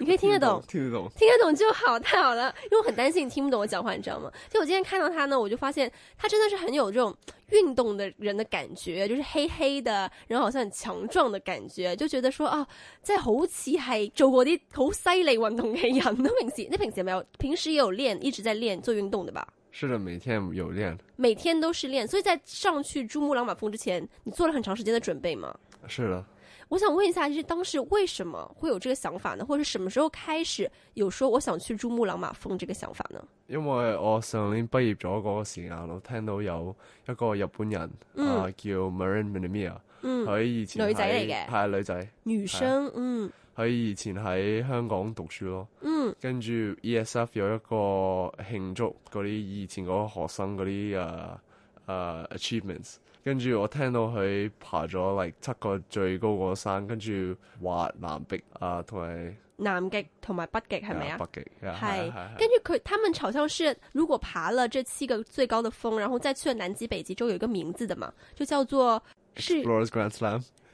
你可以聽得，聽得懂，聽得懂，聽得懂就好，太好了。因為我很擔心你聽不懂我講話，你知道嗎？就我今天看到他呢，我就發現他真的是很有這種運動的人的感覺，就是黑黑的，然後好像很強壯的感覺，就覺得說啊，在好似還做嗰啲好犀利運動嘅一樣的東西。那平時有沒有平時也有練，一直在練做運動的吧？是的，每天有練，每天都是練。所以在上去珠穆朗瑪峰之前，你做了很長時間的準備嗎？是的。我想問一下，就是當時為什麼會有這個想法呢？或者什麼時候開始有說我想去珠穆朗瑪峰這個想法呢？因為我上年畢業咗嗰個時間，我聽到有一個日本人、嗯、啊叫 Marin Minamiya，佢以前女仔嚟嘅，係女仔，女生，女生啊、嗯，佢以前喺香港讀書咯，嗯，跟住 ESF 有一個慶祝嗰啲以前嗰學生嗰啲啊啊 achievements。跟住我聽到佢爬咗嚟、like, 七個最高個山，跟住滑南壁啊，同埋南極同埋北極係咪啊？Yeah, 北極係、yeah, 是跟住佢，他們好像是如果爬了這七個最高的峰，然後再去了南極北極，就有一個名字的嘛，就叫做是。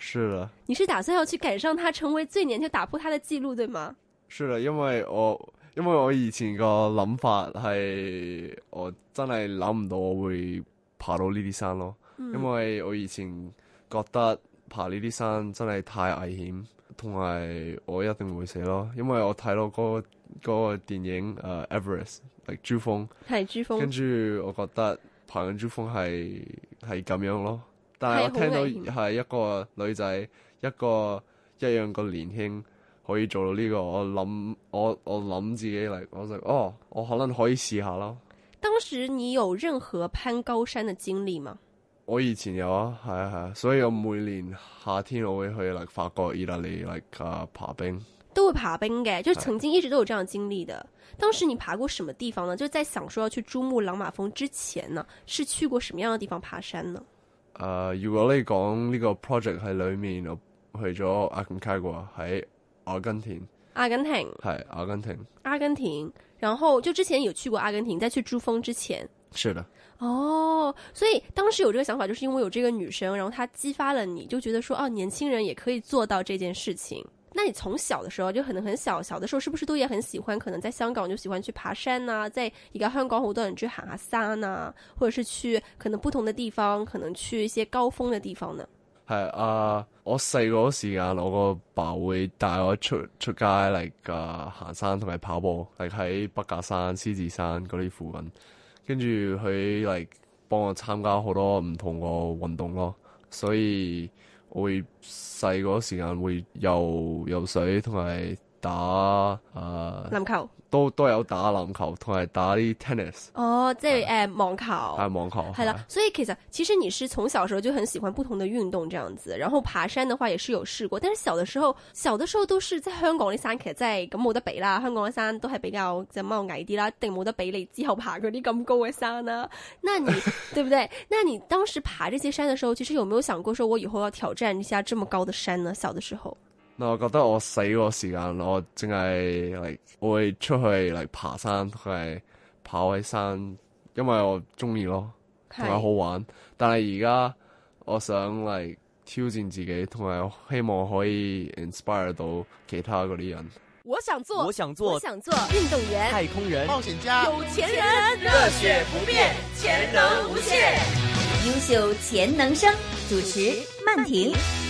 是啦，你是打算要去趕上他，成為最年輕打破他的記錄，對嗎？是啦，因為我因為我以前個諗法係，我真係諗唔到我會爬到呢啲山咯，嗯、因為我以前覺得爬呢啲山真係太危險，同埋我一定會死咯，因為我睇到嗰個嗰個電影誒，uh，Everest，係 like 珠峰，係珠峰，跟住我覺得爬緊珠峰係係咁樣咯。但係我聽到係一個女仔，一個一樣個年輕可以做到呢，這個，我諗我我諗自己嚟，我就哦，我可能可以試下咯。當時你有任何攀高山嘅經歷嗎？我以前有啊，係啊係啊，所以我每年夏天我會去法國、意大利嚟嘅、啊，爬冰，都會爬冰嘅，就曾經一直都有這樣的經歷的。啊，當時你爬過什麼地方呢？就在想說要去珠穆朗瑪峰之前呢，啊，是去過什麼樣的地方爬山呢？誒，uh, 如果你講呢個 project 喺裏面，我去咗阿根廷過喺阿根廷，阿根廷係阿根廷，阿根廷，阿根廷。然後就之前有去過阿根廷，再去珠峰之前，是的。哦，oh, 所以當時有這個想法，就是因為有這個女生，然後她激發了你，就覺得說哦，啊，年輕人也可以做到這件事情。那你從小的時候就可能很小，小的時候是不是都也很喜歡？可能在香港就喜歡去爬山啊，在而家香港很多人去行下山啊，或者是去可能不同的地方，可能去一些高峰的地方呢？係啊，我細個時間我個爸會帶我出出街嚟噶，啊、行山同埋跑步，嚟喺筆架山、獅子山嗰啲附近，跟住佢嚟幫我參加好多唔同個運動咯，所以。我會細個時間會游游水，同埋。打啊！籃、呃、球都都有打籃球同埋打啲 tennis 哦，oh，即係誒網球係網球係啦。所以其實其實你是從小時候就很喜歡不同的運動這樣子，然後爬山的話也是有試過。但是小的時候小的時候都是在香港啲山，其實真係咁冇得比啦。香港嘅山都係比較即係冇矮啲啦，一定冇得比你之後爬嗰啲咁高嘅山啦，啊。那你 對不對？那你當時爬這些山的時候，其實有沒有想過，說我以後要挑戰一下這麼高的山呢？小的時候。我覺得我死個時間，我淨係嚟，我會出去嚟爬山，同埋跑喺山，因為我中意咯，同埋以好玩。但係而家我想嚟挑戰自己，同埋我希望可以 inspire 到其他啲人。我想做，我想做，我想做，我想做運動員、太空人、冒險家、有錢人，熱血不變，潛能無限，優秀潛能生，主持曼婷。秀停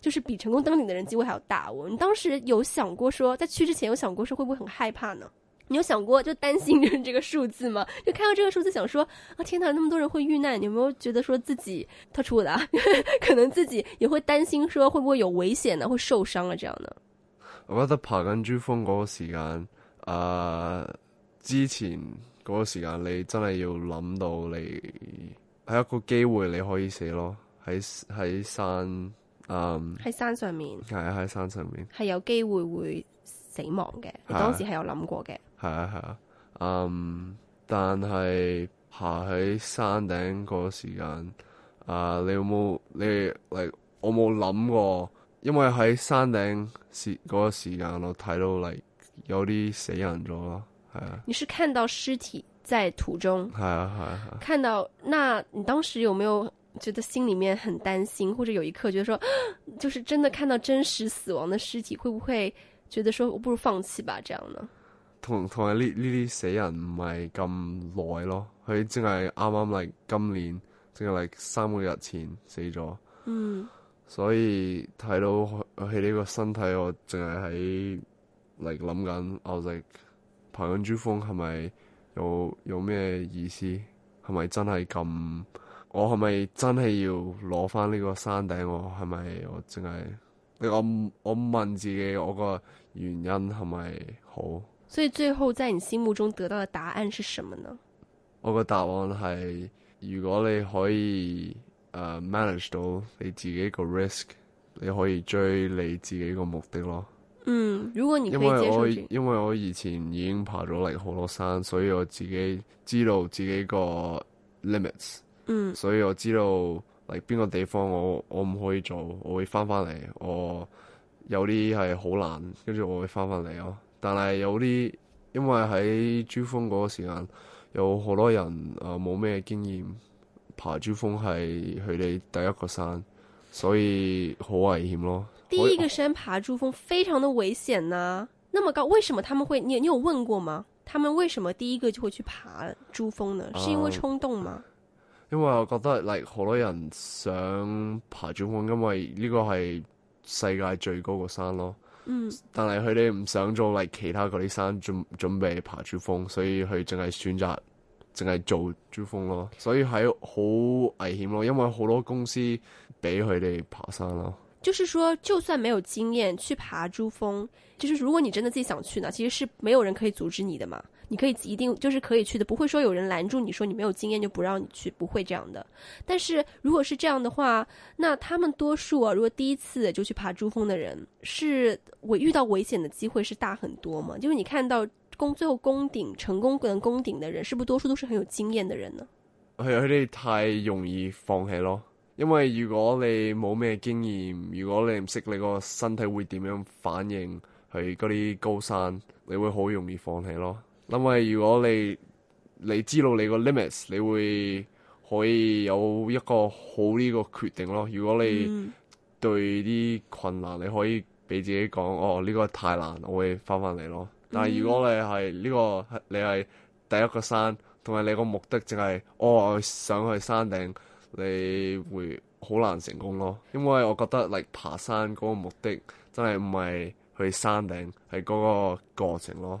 就是比成功登頂的人機會還要大，哦。我你當時有想過說，在去之前有想過說會不會很害怕呢？你有想過就擔心人這個數字嗎？就看到這個數字想說啊，天啊，那麼多人會遇難，你有冇有覺得說自己特殊的啊？ 可能自己也會擔心說會不會有危險呢，啊？會受傷啊？這樣呢我覺得爬緊珠峰嗰個時間，啊、呃，之前嗰個時間你真係要諗到你係一個機會你可以死咯，喺喺山。嗯，喺、um, 山上面，係啊，喺山上面，係有機會會死亡嘅。是啊，你當時係有諗過嘅。係啊係啊，嗯，但係爬喺山頂嗰個時間，啊，你有冇你嚟？我冇諗過，因為喺山頂時嗰個時間，我睇到嚟有啲死人咗咯，係啊。你是看到屍體在途中，係啊係啊，啊看到，那你當時有冇？有？覺得心裏面很擔心，或者有一刻覺得說、啊，就是真的看到真實死亡的屍體，會不會覺得說，我不如放棄吧？這樣呢？同同埋呢呢啲死人唔係咁耐咯，佢淨係啱啱嚟，今年，淨係嚟三個日前死咗。嗯，所以睇到佢呢個身體，我淨係喺嚟諗緊，我哋、就是、攀登珠峰係咪有有咩意思？係咪真係咁？我係咪真係要攞翻呢個山頂？係咪我係咪我淨係你我我，問自己，我個原因係咪好？所以最後，在你心目中得到嘅答案是什麼呢？我個答案係，如果你可以誒、呃、manage 到你自己個 risk，你可以追你自己個目的咯。嗯，如果你可以因為我因為我以前已經爬咗嚟好多山，所以我自己知道自己個 limits。嗯、所以我知道嚟邊個地方我我唔可以做，我會翻翻嚟。我有啲係好難，跟住我會翻翻嚟咯。但係有啲因為喺珠峰嗰個時間有好多人誒冇咩經驗爬珠峰係佢哋第一個山，所以好危險咯。第一個山爬珠峰非常的危險啊。那麼高，為什麼他們會？你你有問過嗎？他們為什麼第一個就會去爬珠峰呢？是因為衝動嗎？嗯因為我覺得，例如好多人想爬珠峰，因為呢個係世界最高個山咯。嗯。但係佢哋唔想做嚟其他嗰啲山準準備爬珠峰，所以佢淨係選擇淨係做珠峰咯。所以喺好危險咯，因為好多公司俾佢哋爬山咯。就是說，就算沒有經驗去爬珠峰，就是如果你真的自己想去呢，其實是沒有人可以阻止你的嘛。你可以一定就是可以去的，不會說有人攔住你說你沒有經驗就不讓你去，不會這樣的。但是如果是這樣的話，那他們多數啊，如果第一次就去爬珠峰的人，是遇到危險的機會是大很多嘛？就是你看到最後攻頂成功跟攻頂的人，是不是多數都是很有經驗的人呢？係啊，佢哋太容易放棄咯，因為如果你冇咩經驗，如果你唔識你個身體會點樣反應去嗰啲高山，你會好容易放棄咯。因為如果你你知道你個 limits，你會可以有一個好呢個決定咯。如果你對啲困難，你可以俾自己講哦，呢個太難，我會翻翻嚟咯。但係如果你係呢個，你係第一個山，同埋你個目的淨係哦我想去山頂，你會好難成功咯。因為我覺得嚟爬山嗰個目的真係唔係去山頂，係嗰個過程咯。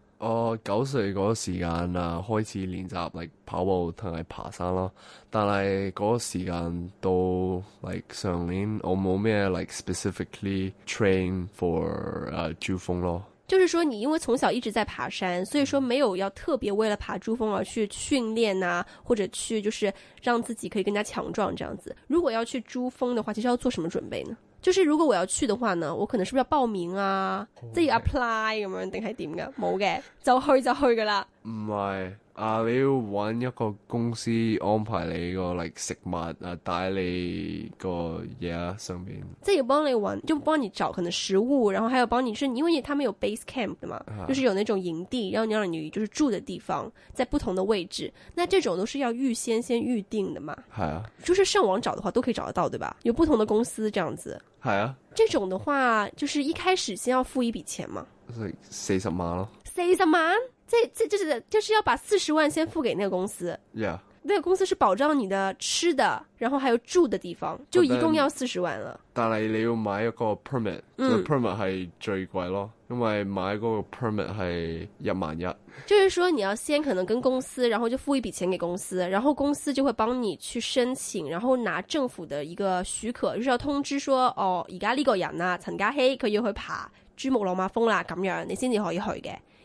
我九、uh, 歲嗰個時間啊，uh, 開始練習嚟跑步同埋爬山咯。但係嗰個時間都 like 上年我冇咩 like specifically train for 誒、uh, 珠峰咯。就是說你因為從小一直在爬山，所以說沒有要特別為了爬珠峰而去訓練啊，或者去就是讓自己可以更加強壯這樣子。如果要去珠峰的話，其實要做什麼準備呢？就是如果我要去的話呢，我可能是不是要報名啊，Okay. 即係要 apply 咁樣定係點噶？冇嘅，就去就去噶啦。唔係啊，你要揾一個公司安排你個嚟食物啊，帶你個嘢啊、yeah, 上邊。即係幫你揾，就幫你找可能食物，然後還有幫你，是因為他們有 base camp 的嘛，是啊、就是有那種營地，然後你讓你就是住的地方，在不同的位置。那這種都是要預先先預定的嘛？係啊。就是上網找的話都可以找得到，對吧？有不同的公司這樣子。係啊。這種的話，就是一開始先要付一筆錢嘛？四十萬咯。四十萬。這這就是、就是、就是要把四十萬先付給那個公司，Yeah. 那個公司是保障你的吃的，然後還有住的地方，就一共要四十萬了。Then, 但係你要買一個 permit，個、嗯、permit 係最貴咯，因為買嗰個 permit 係一萬一、嗯。就是說你要先可能跟公司，然後就付一筆錢給公司，然後公司就會幫你去申請，然後拿政府的一個許可，就是要通知說，哦，而家呢個人啊，陳家希，佢要去爬珠穆朗瑪峰啦，咁樣你先至可以去嘅。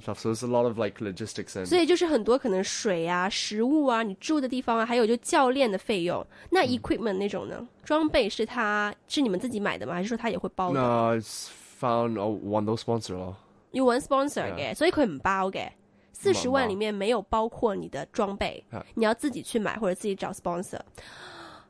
So、of, like, 所以就是很多可能水啊、食物啊、你住的地方啊，還有就教練的費用。那 equipment 那種呢？裝備是他是你們自己買的嗎？還是說他也會包的？No, I found,、oh, want those s found want one sponsor 哦。You want sponsor 嘅，所以佢唔包嘅。四十萬裏面沒有包括你的裝備，Yeah. 你要自己去買或者自己找 sponsor。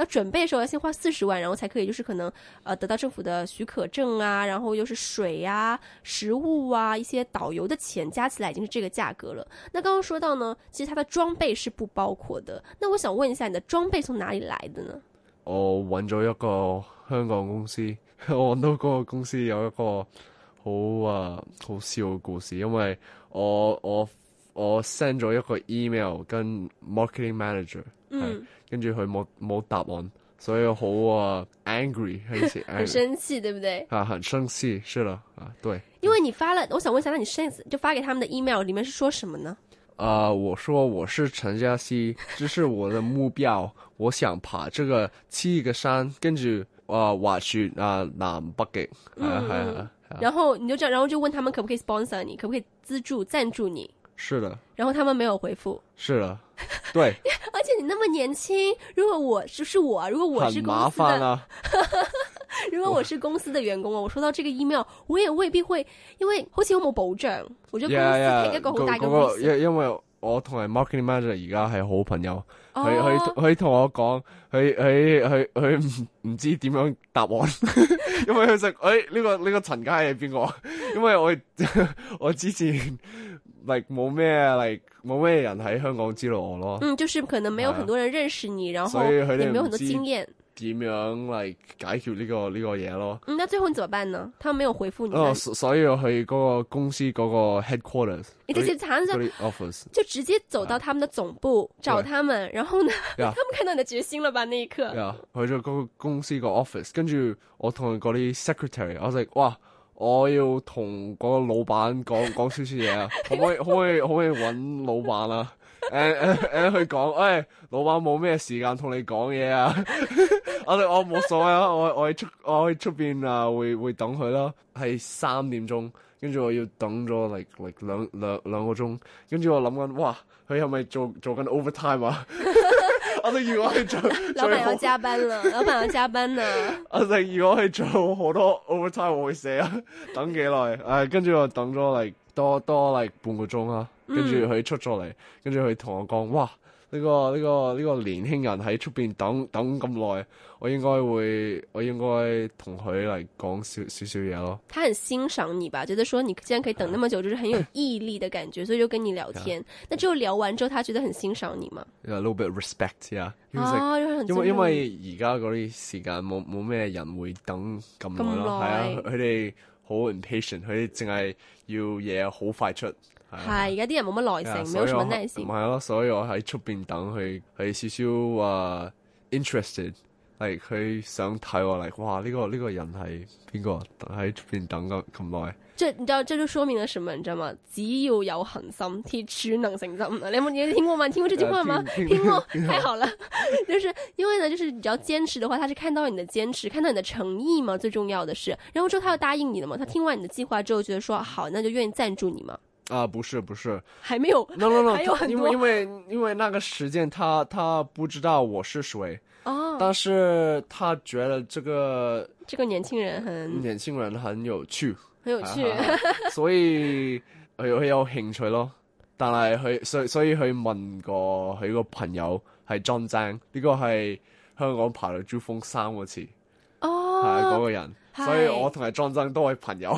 要準備的時候要先花四十萬，然後才可以，就是可能呃得到政府的許可證啊，然後又是水啊、食物啊、一些導遊的錢，加起來已經是這個價格了。那剛剛說到呢，其實它的裝備是不包括的。那我想問一下，你的裝備從哪裡來的呢？我揾咗一個香港公司，我揾到嗰個公司有一個好啊好笑嘅故事，因為我我我 send 咗一個 email 跟 marketing manager。嗯，跟住佢冇冇答案，所以好啊、uh, angry，很生氣， 很生氣，對不對？啊，很生氣，是了。啊，對。因為你發了，對我想問一下，那你上次就發給他們的 email，裏面是說什麼呢？啊、呃，我說我是陳嘉希，這是我的目標， 我想爬這個七個山，跟住啊滑雪啊南北極，係啊係啊。嗯、啊然後你就這樣，然後就問他們可不可以 sponsor 你，可不可以資助贊助你？是的。然後他們沒有回覆。是啊。 對，而且你那麼年輕，如果我就是,是我，如果我是公司的，啊、 如果我是公司的員工啊，哇我收到這個 email，我也未必會，因為好似有冇保障，我覺得公司係 yeah, yeah, 一個好大嘅 risk 因因為我同埋 marketing manager 而家係好朋友，佢佢佢同我講，佢佢佢佢唔唔知點樣答案，因為佢想誒呢個呢個陳佳係邊個？因為我我之前。like 冇咩 like 冇咩人喺香港知道我咯。嗯，就是可能沒有很多人認識你，啊、然後你沒有很多經驗。點樣嚟解決呢個呢個嘢咯？嗯，那最後你怎麼辦呢？他們沒有回覆你。哦、啊，所以我去嗰個公司嗰個 headquarters，直接行咗 office，就直接走到他們的總部對找他們。然後呢，Yeah. 他們看到你的決心了吧？那一刻，yeah, 去咗個公司 office, 個 office，跟住我同佢嗰啲 secretary，我哋哇。我要同嗰個老闆講講少少嘢啊，可唔 可以可唔可以可唔可以搵老闆啊？誒誒誒，佢講，誒、hey, 老闆冇咩時間同你講嘢啊？我哋我冇所謂啊，我我喺出我喺出邊啊會會等佢咯。係三點鐘，跟住我要等咗 like like 兩兩兩個鐘，跟住我諗緊，哇佢係咪做做緊 overtime 啊？ 我哋 如果去做，老闆要加班啦，老闆要加班啦。我哋如果去做好多 overtime，我會寫、啊，等幾耐？誒，跟住我等咗嚟多多嚟半個鐘啦，跟住佢出咗嚟，跟住佢同我講，哇！呢、這個呢、這個呢、這個年輕人喺出邊等等咁耐，我應該會我應該同佢嚟講少少少嘢咯。他很欣賞你吧？覺得說你既然可以等那麼久，就是很有毅力的感覺， 所以就跟你聊天。 那之後聊完之後，他覺得很欣賞你嘛？有、yeah, little bit respect 啊、yeah. like, oh,，因為而家嗰啲時間冇冇咩人會等咁耐咯。係啊，佢哋好、yeah, impatient，佢哋淨係要嘢好快出。係而家啲人冇乜耐性，冇乜、啊、耐性。唔係咯，所以、uh, 哎、我喺出邊等佢，佢少少話 interested，係佢想睇我嚟。哇！呢、這個呢、這個人係邊個？喺出邊等咁咁耐。即你知道，這就說明咗什麼有有？你知道嘛？只要有恒心，鐵柱能成針。你知道你有聽過嗎？聽過這句話嗎？ 聽過聽，聽我 太好了。 就是因為呢，就是你只要堅持的話，他是看到你的堅持，看到你的誠意嘛。最重要的是，然後之後，他要答應你的嘛。他聽完你的計劃之後，覺得說好，那就願意贊助你嘛。啊，不是，不是，還沒有，no no no，還有很多，因為因為因為那個時間，他他不知道我是誰，哦，oh, 但是他覺得這個這個年輕人很年輕人很有趣，很有趣，哈哈 所以佢有佢有興趣咯。但係佢所所以佢問過佢個朋友係莊爭，呢個係香港爬到珠峰三個字，哦，係嗰個人，hi 所以我同阿莊爭都係朋友。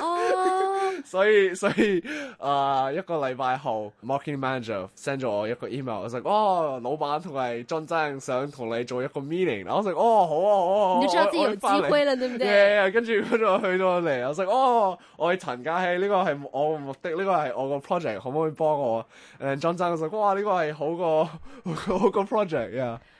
Oh. 所以所以，啊、呃，一個禮拜後，Marketing Manager send 咗我一個 email，我成哦，老闆同埋 John Zhang 想同你做一個 meeting，我成哦，like, oh, 好啊，好啊，好，我你就知道自己有機會了，對唔對？Yeah, yeah, 跟住、like, oh, 我去到嚟，我成哦，我係陳家希，呢個係我目的，呢、這個係我個 project，可唔可以幫我？誒，John Zhang，我成哇，呢個係好個好個 project 啊！好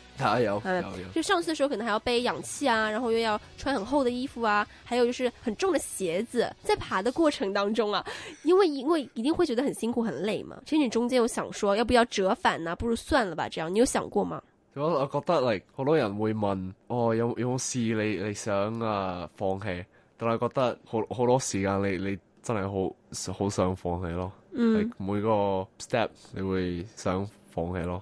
有，有，有、嗯、就上次的時候可能還要背氧氣啊，然後又要穿很厚的衣服啊，還有就是很重的鞋子，在爬的過程當中啊，因為因為一定會覺得很辛苦很累嘛。其實你中間有想說，要不要折返啊？不如算了吧，這樣你有想過嗎？我、嗯、我覺得 like 好多人會問，哦，有有冇事你？你你想啊放棄，但係覺得好好多時間你你真係好好想放棄咯。嗯、每個 step 你會想放棄咯。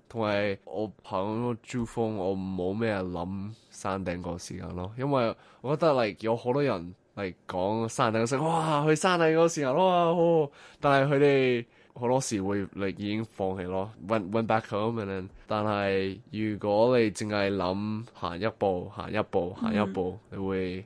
同埋我行珠峰，我冇咩諗山頂嗰時間咯，因為我覺得 like 有好多人嚟講山頂嗰時，哇去山頂嗰時間好、哦、但係佢哋好多時會嚟已經放棄咯，run run back home。and then 但係如果你淨係諗行一步，行一步，行一步，你會。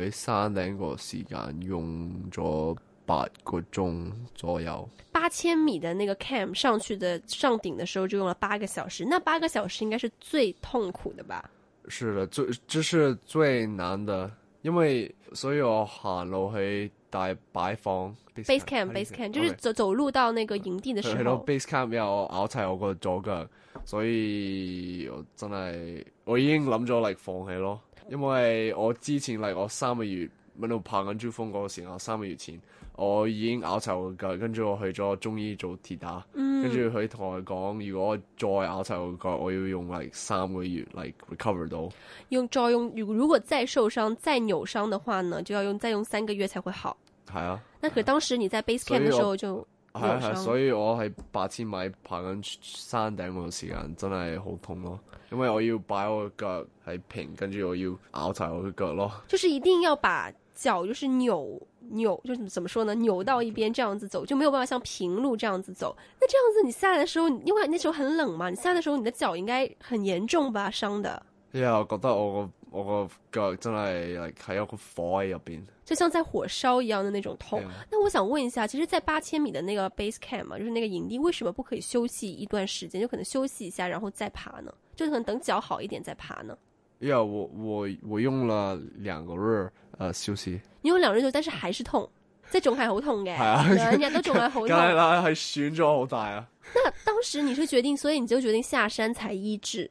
喺山頂個時間用咗八個鐘左右，八千米的那個 camp 上去的上頂的時候就用了八個小時。那八個小時應該是最痛苦的吧？是的，最這、就是最難的，因為所以我行路去大擺房 base camp base camp，就是走走路到那個營地的時候，okay，呃，base camp 後我咬齊我個左腳，所以我真係我已經諗咗嚟放棄咯。因為我之前嚟，我三個月喺度拍緊珠峰嗰個時候，三個月前我已經拗柴我個腳，跟住我去咗中醫做鐵打，嗯、跟住佢同我講，如果我再拗柴我個腳，我要用嚟三個月嚟 recover 到。用再用，如果再受傷再扭傷嘅話呢，就要用再用三個月才會好。係啊、嗯，但係當時你在 base camp 嘅時候就。係啊係，所以我喺八千米爬緊山頂嗰個時間真係好痛咯，因為我要擺我嘅腳喺平，跟住我要拗齊我嘅腳咯。就是一定要把腳就是扭扭，就是怎麼說呢？扭到一邊這樣子走，就沒有辦法像平路這樣子走。那這樣子你下來的時候，因為你那時候很冷嘛，你下來的時候你的腳應該很嚴重吧？傷的。對啊，我覺得我。我個腳真係係一個火喺入邊，就像在火燒一樣的那種痛。那我想問一下，其實，在八千米的那個 base camp 嘛，就是那個營地，為什麼不可以休息一段時間，就可能休息一下，然後再爬呢？就可能等腳好一點再爬呢？呀、yeah,，我我我用了兩個月，uh, 休息。你用兩個月，但是還是痛，在腫還好痛嘅。係啊， 日日都腫得好痛。梗係啦，係損咗好大啊。那當時你是決定，所以你就決定下山才醫治。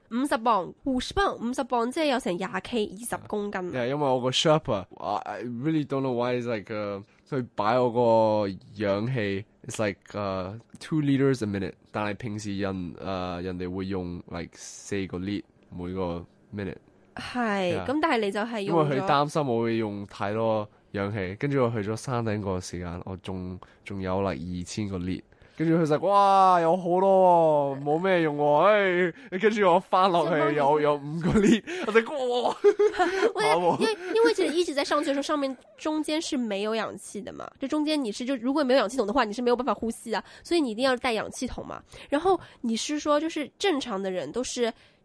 五十磅，五十磅，五十磅，即係有成廿 K，二十公斤。Yeah, 因為我個 Sherpa 我 really don't know why it's like a, 擺我個氧氣，it's like、uh, two liters a minute。但係平時人、uh, 人哋會用 like 四個 lit 每個 minute。係，咁但係你就係因為佢擔心我會用太多氧氣，跟住我去咗山頂嗰個時間，我仲仲有嚟二千個 lit。跟住佢就哇有好多冇，哦、咩用喎，哦、跟、哎、住我翻落去有有五個 lift，我只哥，因為 因為其實一直在上去嘅時候，上面中間是沒有氧氣嘅嘛，就中間你是就如果沒有氧氣桶嘅話，你是冇辦法呼吸啊，所以你一定要帶氧氣桶嘛。然後你是說就是正常嘅人都是。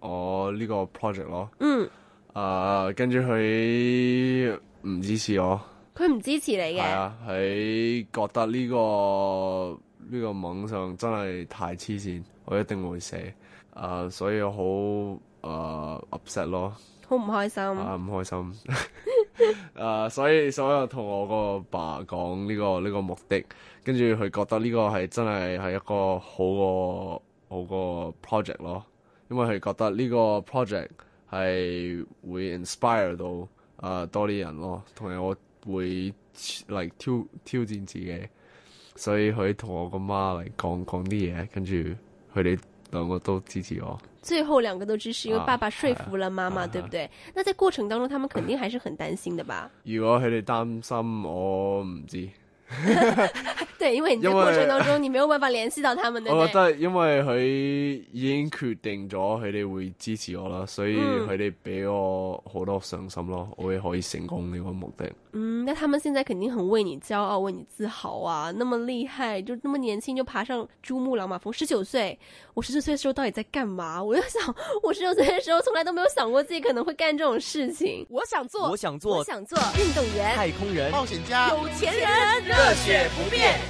我呢個 project 咯，嗯，誒，跟住佢唔支持我，佢唔支持你嘅，係啊，佢覺得呢、這個呢、這個網上真係太黐線，我一定會死，誒、uh,，所以好誒、uh,，upset 咯，好唔開心，啊，唔開心，誒 uh, 所以所有同我爸、這個爸講呢個呢個目的，跟住佢覺得呢個係真係係一個好，好一個好個 project 咯。因為佢覺得呢個 project 係會 inspire 到、呃、多啲人咯，同埋我會嚟挑挑戰自己，所以佢同我個媽嚟講講啲嘢，跟住佢哋兩個都支持我。最後兩個都支持，因為爸爸說服了媽媽，啊、對不對？啊啊、那在過程當中，他們肯定還是很擔心的吧？如果佢哋擔心，我唔知。 對，因為你在過程當中為你沒有辦法聯繫到他們。對對，我覺得因為佢已經決定咗佢哋會支持我啦，所以佢哋俾我好多信心咯，我亦可以成功呢個目的。嗯，那他們現在肯定很為你驕傲，為你自豪啊！那麼厲害，就那麼年輕就爬上珠穆朗瑪峰，十九歲。我十九歲的時候到底在幹嘛？我就想，我十九歲的時候從來都沒有想過自己可能會幹這種事情。我想做，我想做，我想做，我想做運動員、太空人、冒險家、有錢人，熱血不變。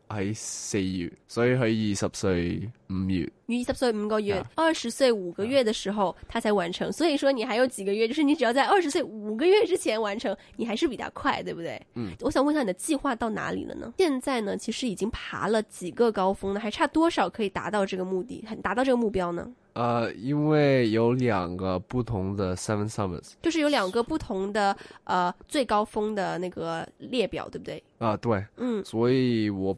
喺四月，所以佢二十歲五月，二十歲五個月，二十 Yeah. 歲五個月的時候，他才完成。Yeah. 所以說你還有幾個月，就是你只要在二十歲五個月之前完成，你還是比他快，對不對？嗯，mm. 我想問一下你的計劃到哪裏了呢？現在呢，其實已經爬了幾個高峰呢？還差多少可以達到這個目的，很達到這個目標呢？呃，uh, 因為有兩個不同的 Seven Summits, s u m m e r s 就是有兩個不同的，呃，最高峰的那個列表，對不對？啊，uh, 對，嗯，mm. 所以我。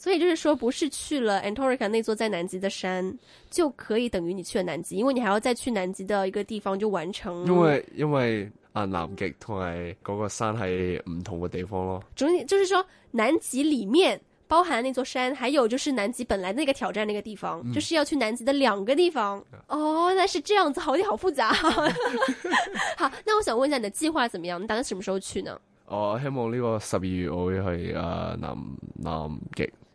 所以就是說，不是去了 Antarctica 那座在南極的山，就可以等於你去了南極，因為你還要再去南極的一個地方就完成因。因為因為啊，南極同埋嗰個山係唔同嘅地方咯。重點就是說，南極裏面包含那座山，還有就是南極本來那個挑戰那個地方，就是要去南極的兩個地方。哦、嗯，那、oh, 是這樣子好，好似，好複雜。 好，那我想問一下你的計劃怎麼樣？你打算什麼時候去呢？我希望呢個十二月我會去啊南南極。